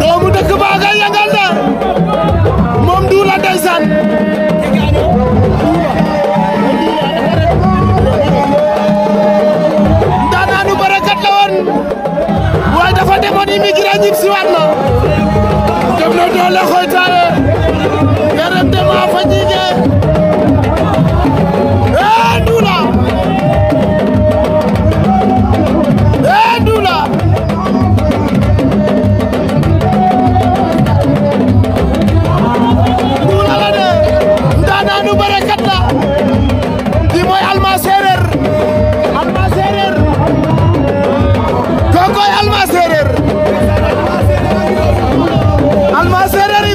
doomu dëkk baa nga yëngal na moom duula ndeysaan ndaanaanu barakat la woon waaye dafa demoon immigré ñib si waat na dem na doole xoytaale nga dem a fa benn bërekat la di mooy Alma Séeréer Alma Séeréer kookooy Alma Séeréer Alma Séeréer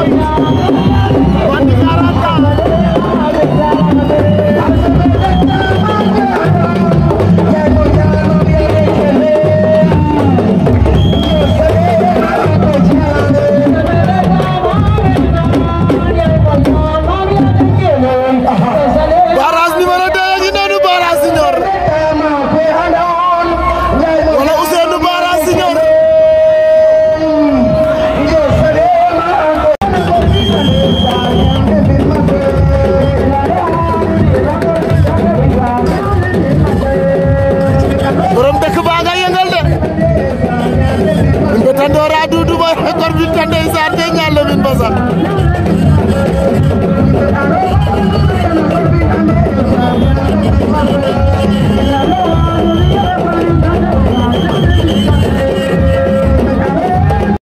Oh, yeah. Ndondoora Doudou Boy école bi tande sar te ñaar Lamine Mbassa